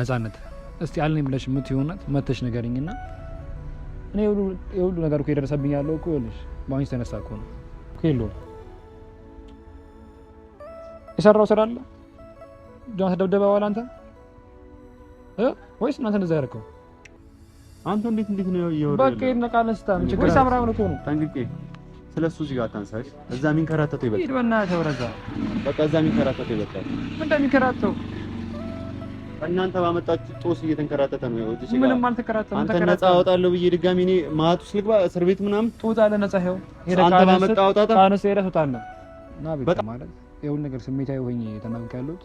ነጻነት እስቲ አለኝ ብለሽ የምትይው እውነት መተሽ ንገሪኝ እና እኔ የሁሉ ነገር እኮ የደረሰብኝ ያለው እኮ ይኸውልሽ በአንቺ ተነሳ እኮ ነው እኮ የለውም የሰራው ስራ አለ ጆን ተደብደበ በኋላ አንተ ወይስ እናንተ እንደዛ ያደረገው አንተ እንዴት እንዴት ነው ይወደው በቃ ይነቃለስ ታም ችግር ሳምራ ነው ነው ጠንቅቄ ስለሱ እዚህ ጋር ታንሳሽ። እዛ የሚንከራተተው ይበቃል። ይሄድ በእናትህ ተወረዛ በቃ እዛ የሚንከራተተው ይበቃል። ምን እንደሚንከራተተው እናንተ ባመጣችሁ ጦስ እየተንከራተተ ነው። ይኸውልሽ ምንም አልተከራተተም። አንተ ነፃ አወጣለሁ ብዬ ድጋሚ እኔ ማት ስልግባ ልግባ እስር ቤት ምናምን ትወጣለህ። ነፃ ይኸው አንተ ባመጣው አውጣታ ታነስ ሄደህ ትወጣለህ። እና ቤት ማለት ይሁን ነገር ስሜታዊ ሆኜ ተመልከ ያለሁት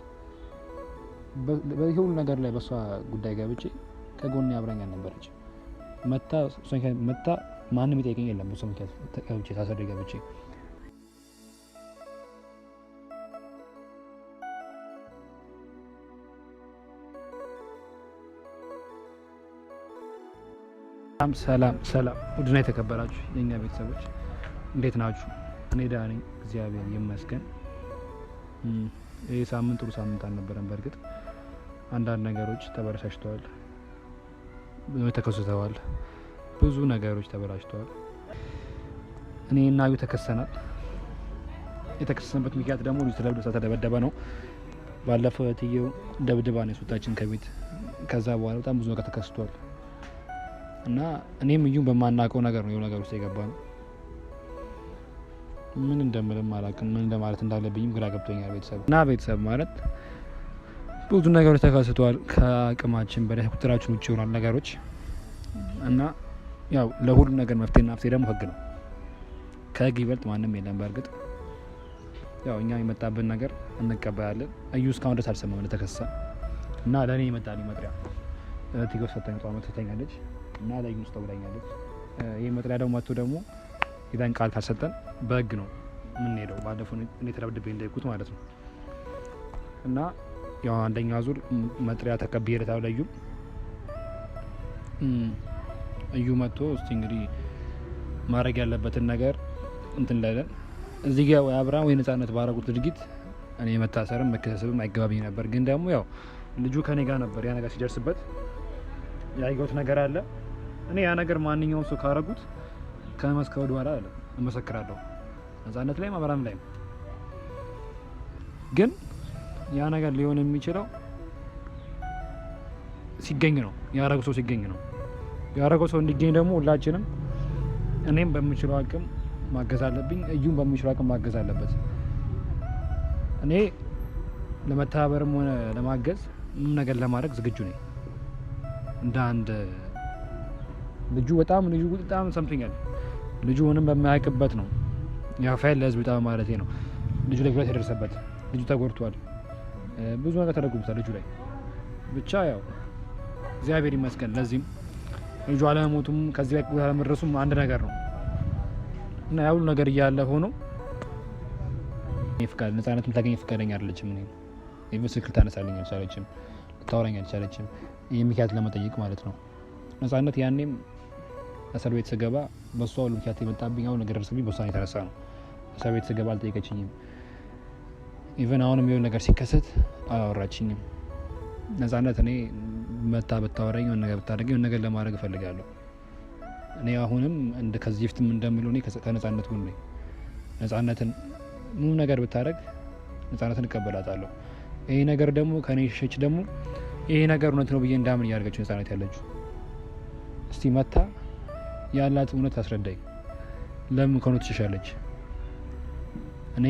በሁሉ ነገር ላይ በእሷ ጉዳይ ገብቼ ከጎኔ አብረኛ ነበረች። መታ መታ ማንም ይጠይቀኝ የለም በእሷ ምክንያት ገብቼ ታሰሪ ገብቼ ሰላም ሰላም ሰላም ውድና የተከበራችሁ የእኛ ቤተሰቦች እንዴት ናችሁ? እኔ ደህና ነኝ፣ እግዚአብሔር ይመስገን። ይህ ሳምንት ጥሩ ሳምንት አልነበረም። በእርግጥ አንዳንድ ነገሮች ተበላሽተዋል፣ ተከስተዋል፣ ብዙ ነገሮች ተበላሽተዋል። እኔ እና ዩ ተከሰናል። የተከሰሰበት ምክንያት ደግሞ ልጅ ተደብድባ ተደበደበ ነው። ባለፈው እትዬው ደብድባ ነው የስወጣችን ከቤት። ከዛ በኋላ በጣም ብዙ ነገር ተከስቷል። እና እኔም እዩም በማናውቀው ነገር ነው የሆነ ነገር ውስጥ የገባ ነው። ምን እንደምልም አላውቅም፣ ምን እንደማለት እንዳለብኝም ግራ ገብቶኛል። ቤተሰብ እና ቤተሰብ ማለት ብዙ ነገሮች ተከስተዋል። ከአቅማችን በላይ ቁጥራችን ውጭ ይሆናል ነገሮች እና ያው ለሁሉም ነገር መፍትሄና መፍትሄ ደግሞ ህግ ነው። ከህግ ይበልጥ ማንም የለም። በእርግጥ ያው እኛ የመጣብን ነገር እንቀበላለን። እዩ እስካሁን ደስ አልሰማም እንደተከሰሰ እና ለእኔ ይመጣል መጥሪያ ቲጎ ሰጠኝ ጠመት ተተኛለች እና ላይ ውስጥ ተብላኛለች። ይህ መጥሪያ ደግሞ መጥቶ ደግሞ ጌታን ቃል ካሰጠን በህግ ነው የምንሄደው። ባለፈው እኔ ተደብድቤ እንዳይኩት ማለት ነው እና ያው አንደኛው ዙር መጥሪያ ተቀብዬ ታው ለዩ እዩ መጥቶ እስቲ እንግዲህ ማድረግ ያለበትን ነገር እንትን ላለን እዚህ ጋር ወይ አብርሃም ወይ ነጻነት ባረጉት ድርጊት እኔ መታሰርም መከሰስብም አይገባብኝ ነበር። ግን ደግሞ ያው ልጁ ከኔ ጋር ነበር። ያ ነገር ሲደርስበት ያየሁት ነገር አለ እኔ ያ ነገር ማንኛውም ሰው ካረጉት ከመስከወድ በኋላ አለ እመሰክራለሁ ነፃነት ላይ ማበራም ላይ ግን ያ ነገር ሊሆን የሚችለው ሲገኝ ነው። ያረገው ሰው ሲገኝ ነው። ያረገው ሰው እንዲገኝ ደግሞ ሁላችንም እኔም በምችለው አቅም ማገዝ አለብኝ። እዩም በምችለው አቅም ማገዝ አለበት። እኔ ለመተባበርም ሆነ ለማገዝ ምን ነገር ለማድረግ ዝግጁ ነኝ እንደ አንድ ልጁ በጣም ልጁ በጣም ሰምቲንግ አለ። ልጁ ምንም በማያውቅበት ነው ያፋይል ለህዝብ በጣም ማለት ነው። ልጁ ላይ ጉዳት የደረሰበት ልጁ ተጎድቷል። ብዙ ነገር ተደርጎበታል ልጁ ላይ ብቻ ያው እግዚአብሔር ይመስገን። ለዚህም ልጁ አለመሞቱም ከዚህ ላይ ጉዳት አለመድረሱም አንድ ነገር ነው እና ያው ነገር እያለ ሆኖ ይፍቃል ነጻነት ታገኝ ፍቃደኛ አይደለችም። እኔ ምስክር ታነሳለኝ አልቻለችም፣ ልታወራኝ አልቻለችም። የሚካያት ለመጠየቅ ማለት ነው ነጻነት ያኔም እስር ቤት ስገባ በእሷ ሁሉ ምክንያት የመጣብኝ አሁን ነገር በሷ በእሷ የተነሳ ነው። እስር ቤት ስገባ አልጠየቀችኝም። ኢቨን አሁንም የሆነ ነገር ሲከሰት አላወራችኝም። ነፃነት እኔ መታ ብታወራኝ የሆነ ነገር ብታደርገኝ የሆነ ነገር ለማድረግ እፈልጋለሁ። እኔ አሁንም ከዚህ በፊትም እንደምለው እኔ ከነፃነት ጎን ነኝ። ነጻነትን ምንም ነገር ብታደርግ ነፃነትን እቀበላታለሁ። ይሄ ነገር ደግሞ ከእኔ ሸች ደግሞ ይሄ ነገር እውነት ነው ብዬ እንዳምን እያደረገችው ነፃነት ያለችው እስቲ መታ ያላት እውነት አስረዳኝ። ለምን ከሆነ ትሸሻለች? እኔ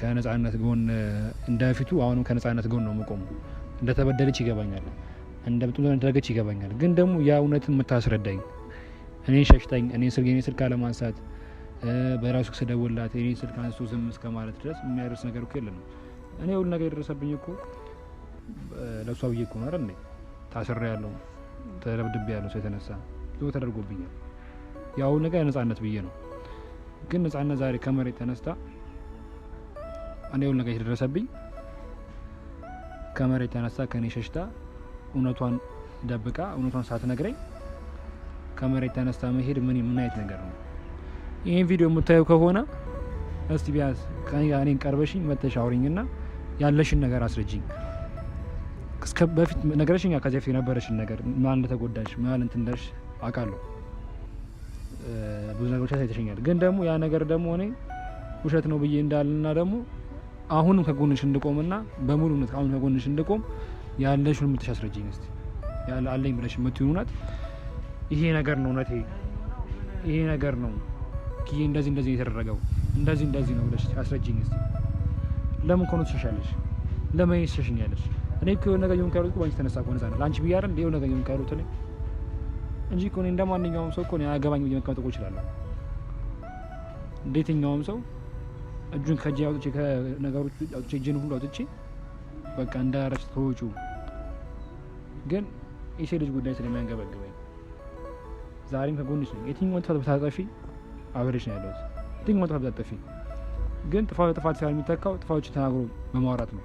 ከነጻነት ጎን እንደፊቱ አሁንም ከነጻነት ጎን ነው መቆሙ እንደተበደለች ይገባኛል፣ እንደ ብጡ እንደደረገች ይገባኛል። ግን ደግሞ ያ እውነት የምታስረዳኝ እኔን ሸሽታኝ እኔን ስልክ የኔ ስልክ አለማንሳት በራሱ ስደውላት እኔ ስልክ አንስቶ ዝም እስከ ማለት ድረስ የሚያደርስ ነገር እኮ የለም። እኔ ሁሉ ነገር የደረሰብኝ እኮ ለእሷ ብዬ እኮ ነው አይደል? ያለው ያለሁ ተደብድቤ ሰው የተነሳ ተደርጎብኛል። ያው ነገር ነጻነት ብዬ ነው። ግን ነጻነት ዛሬ ከመሬት ተነስታ እኔ ሁሉ ነገር የተደረሰብኝ ከመሬት ተነስታ ከኔ ሸሽታ እውነቷን ደብቃ እውነቷን ሳትነግረኝ ከመሬት ተነስታ መሄድ ምን ምን አይነት ነገር ነው? ይህን ቪዲዮ የምታየው ከሆነ እስቲ ቢያንስ እኔን ቀርበሽኝ መተሽ አውሪኝና ያለሽን ነገር አስረጅኝ። በፊት ነገረሽኛ ከዚያ በፊት የነበረሽን ነገር ማን እንደተጎዳሽ ማን እንትንደሽ አቃለሁ ብዙ ነገሮች አሳይተሽኛል። ግን ደግሞ ያ ነገር ደግሞ እኔ ውሸት ነው ብዬ እንዳልና ደግሞ አሁንም ከጎንሽ እንድቆምና በሙሉ እውነት አሁን ከጎንሽ እንድቆም ያለሽ ያለሽን ምልሽ አስረጅኝ እስቲ ያለ አለኝ ብለሽ የምትይው እውነት ይሄ ነገር ነው እውነቴ ይሄ ነገር ነው ኪዬ እንደዚህ እንደዚህ የተደረገው እንደዚህ እንደዚህ ነው ብለሽ አስረጅኝ እስቲ። ለምን ከሆነ ትሸሻለሽ? ለምን ይሸሽኛለሽ? እኔ እኮ የሆነ ነገር የሆን ካሉት ባንቺ ተነሳ ከሆነ ዛሬ ለአንቺ ብዬሽ አይደል የሆነ ነገር የሆን ካሉት እኔ እንጂ እኮ እኔ እንደ ማንኛውም ሰው እኮ እኔ አያገባኝ ብዬ መቀመጥ እኮ እችላለሁ። እንደየትኛውም ሰው እጁን ከእጄ አውጥቼ ከነገሮች አውጥቼ እጄን ሁሉ አውጥቼ በቃ እንዳረች ተወጩ። ግን የሴት ልጅ ጉዳይ ስለሚያንገበግበኝ ዛሬም ከጎንሽ ነኝ። የትኛውን ጥፋት ብታጠፊ አብሬሽ ነው ያለሁት። የትኛውን ጥፋት ብታጠፊ ግን ጥፋት ጥፋት ሳይሆን የሚተካው ጥፋቶች ተናግሮ በማውራት ነው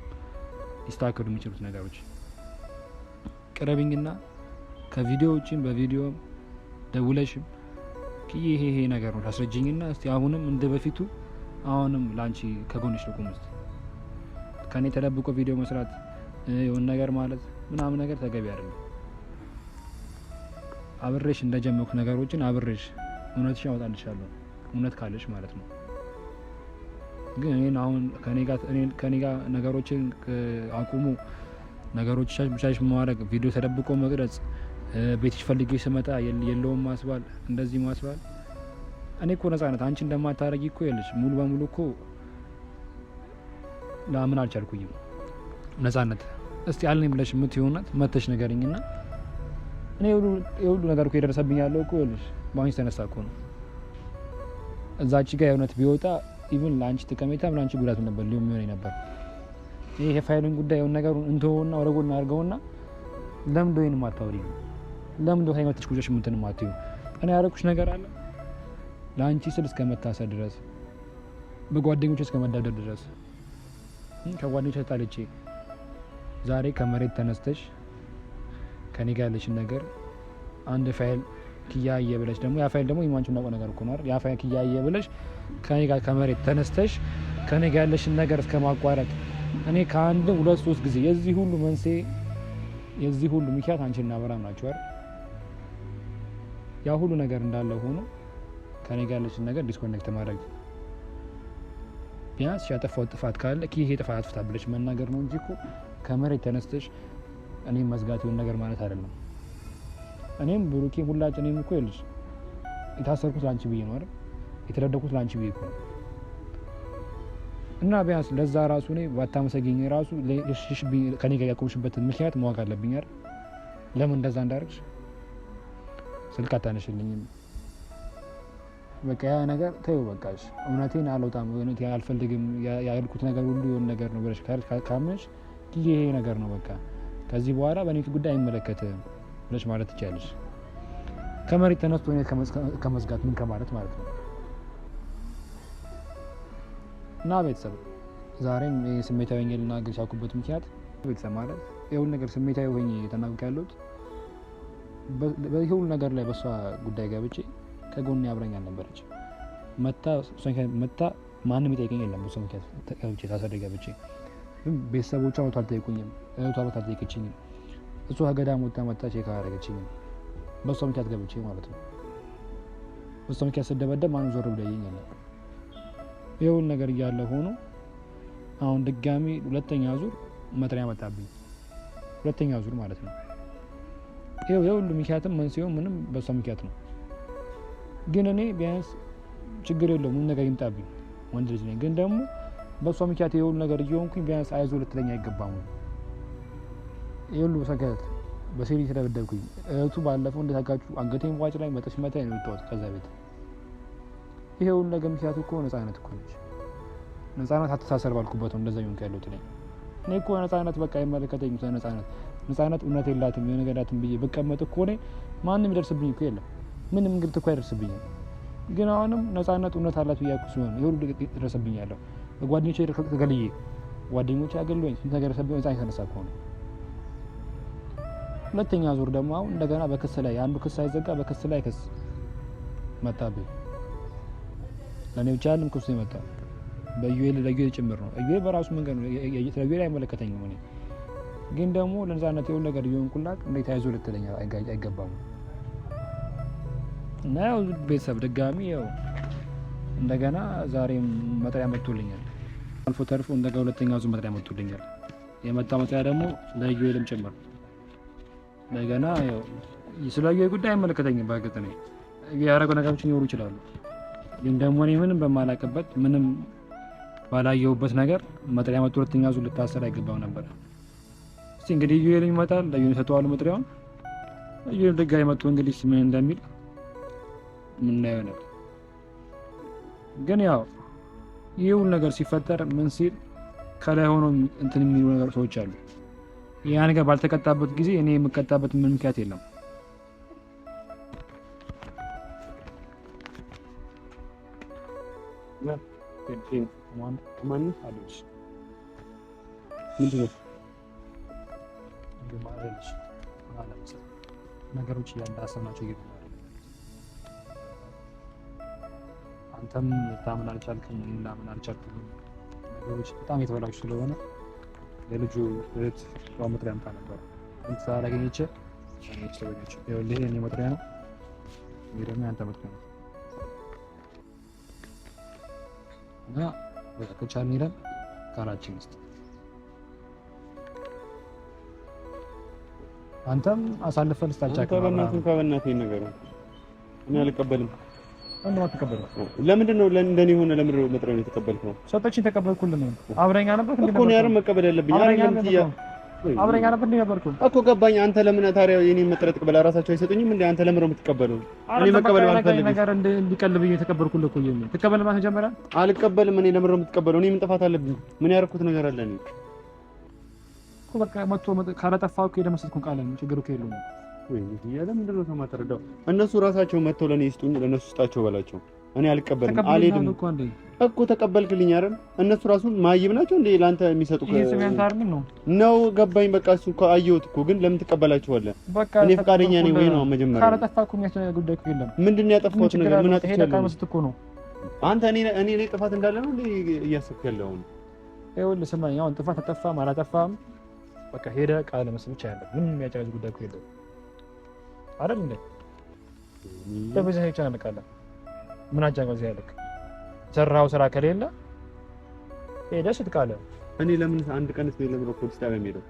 ሊስተካከሉ የሚችሉት ነገሮች ቅረቢኝና ከቪዲዮ ውጭም በቪዲዮ ደውለሽም ክዬ ይሄ ይሄ ነገር ነው አስረጅኝና እስቲ አሁንም እንደ በፊቱ አሁንም ላንቺ ከጎንሽ ልቁም እስቲ ከኔ ተደብቆ ቪዲዮ መስራት የሆነ ነገር ማለት ምናምን ነገር ተገቢ አይደለም። አብሬሽ እንደጀመርኩ ነገሮችን አብሬሽ እውነትሽን አወጣልሻለሁ እውነት ካለሽ ማለት ነው። ግን እኔን አሁን ከኔ ጋር ነገሮችን አቁሙ፣ ነገሮች ብቻሽ ማድረግ፣ ቪዲዮ ተደብቆ መቅረጽ ቤትሽ ፈልጌ ስመጣ የለውም ማስባል፣ እንደዚህ ማስባል። እኔ እኮ ነጻነት አንቺ እንደማታረጊ እኮ የለች ሙሉ በሙሉ እኮ ለምን አልቻልኩኝም። ነጻነት እስቲ አልኔ ብለሽ የምትሆናት መተሽ ንገሪኝ እና እኔ የሁሉ ነገር እኮ የደረሰብኝ ያለው እኮ የለሽ በአንቺ ተነሳ እኮ ነው። እዛች ጋር የእውነት ቢወጣ ኢቭን ለአንቺ ጠቀሜታ ለአንቺ ጉዳት ነበር ሊሆን የሚሆን ነበር። ይህ የፋይሉን ጉዳይ የሆን ነገሩን እንትሆና ወረጎና አድርገውና ለምንድ ወይንም አታውሪ ለምን እንደሆነ የመጥሽ ጉጆች ምንትን ማትዩ እኔ ያደረኩሽ ነገር አለ ለአንቺ ስል እስከ መታሰር ድረስ በጓደኞች እስከ መዳደር ድረስ ከጓደኞች ተጣልቼ ዛሬ ከመሬት ተነስተሽ ከኔ ጋር ያለሽን ነገር አንድ ፋይል ክያየ ብለሽ ደግሞ ያ ፋይል ደግሞ የማንቺ እናውቀው ነገር እኮ ነው። ያ ፋይል ክያየ ብለሽ ከኔ ጋር ከመሬት ተነስተሽ ከኔ ጋር ያለሽን ነገር እስከ ማቋረጥ እኔ ከአንድ ሁለት ሶስት ጊዜ የዚህ ሁሉ መንስኤ የዚህ ሁሉ ምክንያት አንቺና አብርሃም ናቸው አይደል? ያ ሁሉ ነገር እንዳለ ሆኖ ከኔ ጋር ያለችን ነገር ዲስኮኔክት ማድረግ ቢያንስ ያጠፋው ጥፋት ካለ ይህ ጥፋት አጥፍታ ብለች መናገር ነው እንጂ ከመሬት ተነስተሽ እኔም መዝጋት የሆነ ነገር ማለት አይደለም። እኔም ብሩኬ ሁላጭ እኔም እኮ ይልሽ የታሰርኩት ለአንቺ ብዬ ነው አይደል? የተደደኩት ላንቺ ብዬ ነው። እና ቢያንስ ለዛ ራሱ እኔ ባታመሰገኝ ራሱ ከኔ ጋር ያቆምሽበትን ምክንያት ማወቅ አለብኝ አይደል? ለምን እንደዛ እንዳደረግሽ ስልክ አታነሽልኝም። በቃ ያ ነገር ተይው፣ በቃ እውነቴን አልወጣም እውነት አልፈልግም ያልኩት ነገር ሁሉ የሆነ ነገር ነው ብለሽ ካመንሽ ይሄ ነገር ነው በቃ ከዚህ በኋላ በእኔ ጉዳይ አይመለከትም ብለሽ ማለት ትችያለሽ። ከመሬት ተነስቶ ሁኔታ ከመዝጋት ምን ከማለት ማለት ነው። እና ቤተሰብ ዛሬም ስሜታዊ ልናገር ያልኩበት ምክንያት ቤተሰብ ማለት ይሁን ነገር ስሜታዊ ሆኜ የተናገርኩት ያለሁት በዚህ ሁሉ ነገር ላይ በእሷ ጉዳይ ገብቼ ከጎን አብረኝ አልነበረች። መታ ማንም ይጠይቀኝ የለም። በእሷ ገብቼ ታሰሪ ገብቼ ቤተሰቦቿ መቶ አልጠይቁኝም። እህቷ መቶ አልጠይቅችኝም። እሱ ሀገዳ ሞታ መታ ቼክ አላደረገችኝም። በእሷ ምክንያት ገብቼ ማለት ነው። በእሷ ምክንያት ስደበደብ ማንም ዞር ብሎ ያየኝ የለም። ይሁን ነገር እያለ ሆኖ አሁን ድጋሚ ሁለተኛ ዙር መጥሪያ መጣብኝ። ሁለተኛ ዙር ማለት ነው ይኸው የሁሉ ምክንያትም መንስኤው ምንም በእሷ ምክንያት ነው። ግን እኔ ቢያንስ ችግር የለውም ምን ነገር ይምጣብኝ ወንድ ልጅ ነኝ። ግን ደግሞ በእሷ ምክንያት የሁሉ ነገር እየሆንኩኝ ቢያንስ አይዞ ልትለኝ አይገባም። የሁሉ በእሷ ምክንያት በሴሪ ተደበደብኩኝ። እህቱ ባለፈው እንደታጋጩ አንገቴ ዋጭ ላይ መጠሽ መታ ነው የወጣሁት ከዛ ቤት። ይሄ ሁሉ ነገር ምክንያቱ እኮ ነጻነት እኮ ነች። ነጻነት አተሳሰር ባልኩበት ነው እንደዛ ሆንኩ ያለሁት እኔ እኮ ነጻነት በቃ የመለከተኝ ነጻነት ህጻናት እውነት የላትም የሆነ ገዳትም ብዬ ብቀመጥ እኮ እኔ ማንም ይደርስብኝ እኮ የለም ምንም እንግልት እኮ አይደርስብኝም። ግን አሁንም ነጻነት እውነት አላት ብያኩ ሲሆን የሁሉ ደረሰብኝ ያለው ጓደኞች ተገልዬ ጓደኞች ያገሉኝ ስንት ነገር ሰብኝ ነጻ የተነሳ ከሆነ ሁለተኛ ዙር ደግሞ አሁን እንደገና በክስ ላይ አንዱ ክስ አይዘጋ በክስ ላይ ክስ መጣብኝ። ለእኔ ብቻ ያለም ክሱ የመጣ በዩኤል ለዩኤል ጭምር ነው። ዩኤል በራሱ መንገድ ነው። ለዩኤል አይመለከተኝም እኔ ግን ደግሞ ለነፃነት የሆነ ነገር እየሆንኩላት እንዴት አይዞህ ልትለኝ አይገባም። እና ያው ቤተሰብ ድጋሚ ያው እንደገና ዛሬም መጥሪያ መጥቶልኛል። አልፎ ተርፎ እንደገና ሁለተኛ ዙ መጥሪያ መጥቶልኛል። የመጣ መጥሪያ ደግሞ ለዩኤልም ጭምር እንደገና ያው ስለ ዩኤል ጉዳይ አይመለከተኝም። በእርግጥ ነው ያረጉ ነገሮች ሊኖሩ ይችላሉ። ግን ደግሞ እኔ ምንም በማላውቅበት ምንም ባላየሁበት ነገር መጥሪያ መጥቶ ሁለተኛ ዙር ልታሰር አይገባም ነበር። እስቲ እንግዲህ እዩ ይመጣል። ለዩ ሰጠዋሉ መጥሪያውን። እዩ ድጋሚ መጡ። እንግዲህ ምን እንደሚል ምናየው ነበር። ግን ያው ይህ ሁሉ ነገር ሲፈጠር ምን ሲል ከላይ ሆኖ እንትን የሚሉ ነገር ሰዎች አሉ። ያ ነገር ባልተቀጣበት ጊዜ እኔ የምቀጣበት ምን ምክንያት የለም። ምንድን ነው ማድረግ ነገሮች እያንዳሰናቸው ይገኛል። አንተም ልታምን አልቻልክም፣ ልናምን አልቻልክም። ነገሮች በጣም የተበላሹ ስለሆነ ለልጁ እህት መጥሪያ አምጣ ነበር ስላላገኘች ሰዎች ይኸውልህ፣ የእኔ መጥሪያ ነው፣ ይሄ ደግሞ የአንተ መጥሪያ ነው እና በቃ ከቻልን ሄደን ቃላችን ውስጥ አንተም አሳልፈህ ልታጫክ ነው። በእናትህ ከበእናትህ ነገር እኔ አልቀበልም። አንተ አትቀበልም። ለምንድን ነው ለእንደኔ የሆነ ለምንድን ነው መጥሪያ የተቀበልከው? ሰጠችኝ፣ ተቀበልኩልህ። አብረኸኝ ነበርክ እኮ ነው ያረም መቀበል ያለብኝ አብረኛ ነበር እንደ ነበርኩ እኮ ገባኝ። አንተ ለምን ታዲያ የኔን መጥረት ትቀበላለህ? እራሳቸው አይሰጡኝም እንዴ? አንተ ለምን ነው የምትቀበለው? እኔ መቀበል ባልፈልግ ነገር እንዲቀልብኝ የተቀበልኩልህ እኮ ይሄን ትቀበል ማለት መጀመሪያ አልቀበልም። እኔ ለምን ነው የምትቀበለው? እኔ ምን ጥፋት አለብኝ? ምን ያደረኩት ነገር አለ እኔ በቃ መጥቶ ካላጠፋ እኮ ሄደህ መስጠት እኮ ቃል ችግር እኮ የለውም። ወይ እያለ ምንድን ነው የማትረዳው? እነሱ ራሳቸው መጥተው ለእኔ ይስጡኝ፣ ለእነሱ ስጣቸው በላቸው። እኔ አልቀበልም፣ አልሄድም እኮ ተቀበልክልኝ አይደል? እነሱ ራሱ ማይብ ናቸው እንዴ ለአንተ የሚሰጡ ነው። ገባኝ በቃ እሱ እኮ አየሁት እኮ ግን ለምን ትቀበላችኋለህ? እኔ ፈቃደኛ ነኝ ወይ ነው መጀመሪያ። ካላጠፋ ምንድን ነው ያጠፋሁት ነገር? ምን አጥፍቻለሁ አንተ እኔ እኔ ላይ ጥፋት እንዳለ ነው እያሰብክ ያለውን? ይኸውልህ ስማኝ፣ አሁን ጥፋት አጠፋም አላጠፋም በቃ ሄደ ቃለ መስል ብቻ ያለ ምንም የሚያጨራጅ ጉዳይ እኮ የለም አይደል እንዴ? ለበዛ ብቻ እንቃለን። ምን አጃን በዚህ ያለክ ሰራው ስራ ከሌለ ሄደ ስትቃለ እኔ ለምን አንድ ቀን ስለ ለምን ፖሊስ ጣቢያ የሚሄደው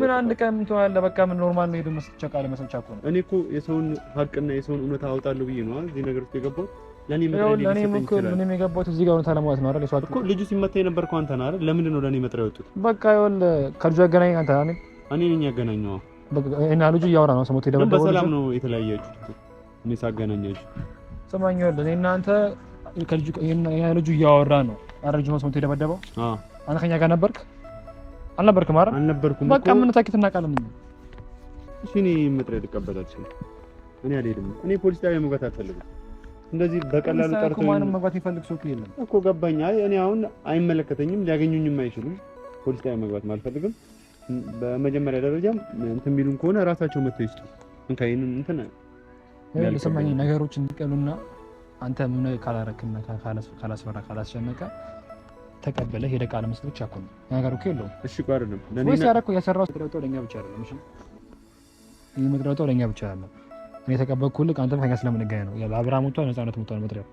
ምን አንድ ቀን ምን ተዋለ? በቃ ምን ኖርማል ነው። ሄዶ መስልቻ ቃለ መስልቻ እኮ ነው። እኔ እኮ የሰውን ሀቅና የሰውን እውነት አወጣለሁ ብዬ ነው እዚህ ነገር ውስጥ የገባሁት ለኔ ምንም የገባት እዚህ ጋር ለማለት ነው አይደል? እኮ ልጁ ሲመታ የነበርኩ አንተ ነህ አይደል? ለምንድን ነው ለኔ መጥሪያ የወጡት? በቃ ይኸውልህ ከልጁ ያገናኝ አንተ ነህ። እኔ ነኝ በቃ እና ልጁ እያወራ ነው። ሰሞኑን የደበደበው በሰላም ነው የተለያያችሁት። እኔ ሳገናኛችሁ ስማኝ፣ ይኸውልህ እኔ እና አንተ ከልጁ ያ ልጁ እያወራ ነው አይደል? ልጁ ነው ሰሞኑን የደበደበው። አንተ ከኛ ጋር ነበርክ አልነበርክም? አይደል? አልነበርኩም። በቃ ምን ታውቂት እናውቃለን። እሺ እኔ መጥሪያ ልቀበላችሁ። አልችልም። እኔ አልሄድም። እኔ ፖሊስ ጣቢያ መግባት አልፈልግም። እንደዚህ በቀላሉ ጠርቶ ማንም መግባት የሚፈልግ ሰው የለም እኮ ገባኛ። እኔ አሁን አይመለከተኝም፣ ሊያገኙኝም አይችሉም። ፖሊስ ጣቢያ መግባት አልፈልግም። በመጀመሪያ ደረጃም እንትን የሚሉን ከሆነ ራሳቸው መጥተው ይስጡ። እንካይን እንትን ለሰማኝ ነገሮች እንዲቀሉና አንተ ምን ካላረክም ካላስፈራ ካላስጨነቀ ተቀበለ ሄደ ቃለ መስጠት ብቻ እኮ ነው ነገሩ እኮ የለውም። እሺ እኮ አይደለም ወይስ ያረኩ ያሰራው መቅረብጠው ለእኛ ብቻ አይደለም። እሺ ይህ መቅረብጠው ለእኛ ብቻ አይደለም። እኔ የተቀበልኩህ ልክ አንተም ከኛ ስለምንገናኝ ነው። ለአብርሃም ወጥቷል፣ ነፃነት ወጥቷል። መጥሪያው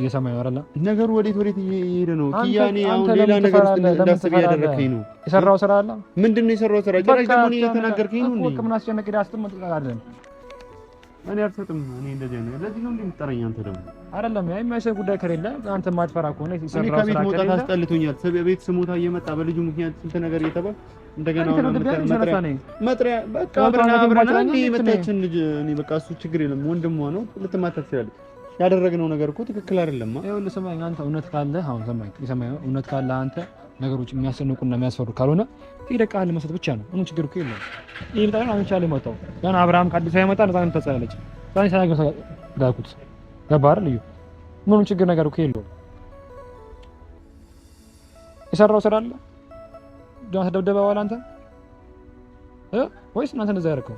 እየሰማ ነው ነገሩ ወዴት ወዴት እየሄደ ነው? ኪያኔ አሁን ሌላ ነገር ውስጥ እንዳስብ እያደረግከኝ ነው። የሰራው ስራ አለ ምንድን ነው የሰራው ስራ? ጭራሽ ደግሞ እየተናገርከኝ ነው። ህክምና አስጨነቅ ሄደህ አስጥም አይደለም እኔ አልሰጥም። እኔ እንደዚህ ነው ለዚህ ነው እንደምጠረኝ አንተ ደግሞ አይደለም። ያ የሚያሰ ጉዳይ ከሌለ አንተ ማትፈራ ከሆነ ይሰራው ከቤት መውጣት አስጠልቶኛል። ቤት ስሞታ እየመጣ በልጁ ምክንያት ስንት ነገር እየተባለ እንደገና መጥሪያ በቃ አብረን አብረን አንዴ የመጣችን ልጅ እኔ በቃ እሱ ችግር የለም ወንድሟ ነው ልትማታ ትችላለች። ያደረግነው ነገር እኮ ትክክል አይደለም። ይኸውልህ ስማኝ፣ አንተ እውነት ካለ አሁን ስማኝ፣ ይሰማኝ እውነት ካለ አንተ ነገሮች የሚያስጨንቁና የሚያስፈሩ ካልሆነ ሄደህ ቃል መስጠት ብቻ ነው። ምንም ችግር እኮ የለም። ይህ ጣ አሁን ቻለ ያን አብርሃም ከአዲስ ሳይመጣ ነፃ ተጻለች ዛኔ ሳናገር ጋኩት ገባህ ልዩ ምንም ችግር ነገር እኮ የለውም። የሰራው ስራ አለ ጆን ተደብደበ በኋላ አንተ ወይስ እናንተ እንደዛ ያደረገው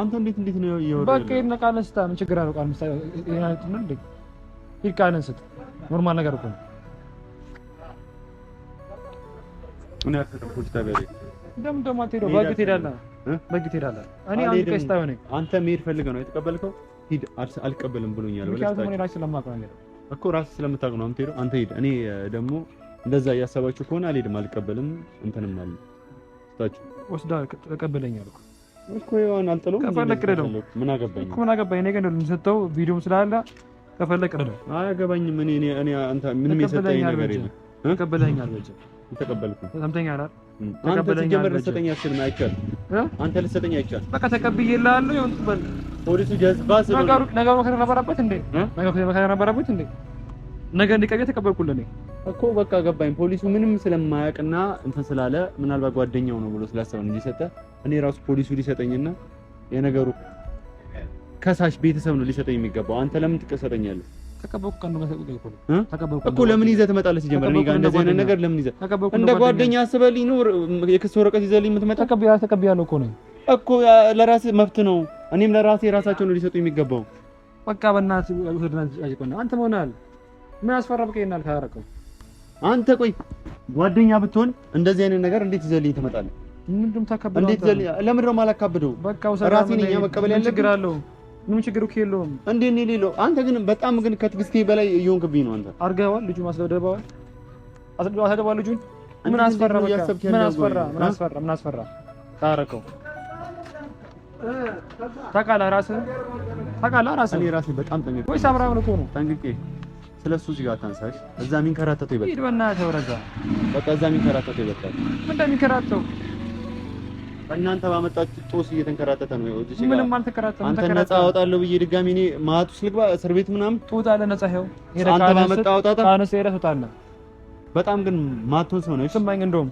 አንተ እንዴት እንዴት ነው ይወራ በቃ ይሄን ቃል ስታ ምን ችግር አለው ቃል ምስታ ይሄን ቃልን ስት ኖርማል ነገር እኮ ነው። ምን ያክል ፖሊስ አትሄደው። በግ ትሄዳለህ፣ በግ ትሄዳለህ። እኔ አንድ ቀስ ታዩ ነኝ። አንተ መሄድ ፈልገህ ነው የተቀበልከው። ሂድ፣ አልቀበልም ብሎኛል እኮ ራስህ ስለምታውቅ ነው የምትሄደው። አንተ ሂድ። እኔ ደግሞ እንደዛ እያሰባችሁ ከሆነ አልሄድም፣ አልቀበልም። እንትንም አለ ስታችሁ ወስዳ ተቀበለኛል እኮ እኮ ይሆን አልጥለውም። ከፈለክ ደግሞ ምን አገባኝ እኮ ምን አገባኝ። እኔ ግን የምሰጠው ቪዲዮም ስላለ ከፈለክ ደግሞ አያገባኝም። እኔ እኔ አንተ ምንም የሰጠኝ ነገር የለም። ተቀበለኛል በጀ እኮ በቃ ገባኝ። ፖሊሱ ምንም ስለማያውቅና እንትን ስላለ ምናልባት ጓደኛው ነው ብሎ ስላሰበን እንዲሰጠ እኔ ራሱ ፖሊሱ ሊሰጠኝና የነገሩ ከሳሽ ቤተሰብ ነው ሊሰጠኝ የሚገባው። አንተ ለምን ትቀሰጠኛለህ? እኮ ለምን ይዘህ ትመጣለህ? ሲጀመር እኔ ጋር እንደዚህ አይነት ነገር ለምን ይዘህ እንደ ጓደኛ አስበልኝ ነው የክስ ወረቀት ይዘህልኝ የምትመጣው? ተቀብያለሁ እኮ ነው እኮ ለራስህ መብት ነው። እኔም ለራሴ የራሳቸው ነው ሊሰጡ የሚገባው። በቃ በእናትህ አንተ መሆናል ምን አስፈራብቀናል? ታረቀው አንተ ቆይ ጓደኛ ብትሆን እንደዚህ አይነት ነገር እንዴት ይዘህልኝ ትመጣለህ? ምንድን ነው የምታካብደው? ለምንድን ነው የማላካብደው? በቃ ራሴን እኛ መቀበል ያለብህ ምን ችግር እኮ የለውም። እንዴ እኔ ሌለው አንተ ግን በጣም ግን ከትግስቴ በላይ እየሆንክብኝ ነው። አንተ አድርገኸዋል። ልጁ አስደብድበኸዋል፣ አስደብድበኸዋል ልጁን። ምን አስፈራ? ምን አስፈራ? ምን አስፈራ? ምን አስፈራ? ታረቀው። ታውቃለህ ራስህን፣ ታውቃለህ ራስህን። እኔ ራስህን በጣም ጠንቅቄ ወይስ አብራም እኮ ነው ጠንቅቄ። ስለሱ እዚህ ጋር አታንሳሽ። እዛ የሚንከራተተው ይበቃል። ሂድ በእናትህ ወረዛ። በቃ እዛ የሚንከራተተው ይበቃል። ምን እንደሚንከራተተው እናንተ ባመጣችሁ ጦስ እየተንከራተተ ነው። ይኸው እዚህ ምንም አልተከራተተም። አንተ ነፃ አወጣለሁ ብዬ ድጋሚ እኔ ማቱ ስልግባ እስር ቤት ምናምን ትወጣለህ። ነፃ ይኸው አንተ ባመጣ አውጣታ በጣም ግን ማቱን ሰው ነው። ይሰማኝ እንደውም